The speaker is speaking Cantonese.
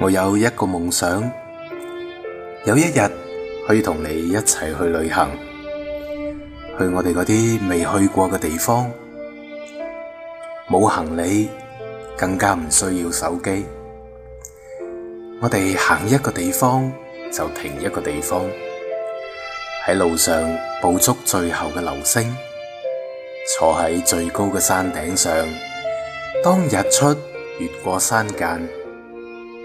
我有一個夢想，有一日可以同你一齊去旅行，去我哋嗰啲未去過嘅地方，冇行李，更加唔需要手機。我哋行一個地方就停一個地方，喺路上捕捉最後嘅流星，坐喺最高嘅山頂上，當日出越過山澗。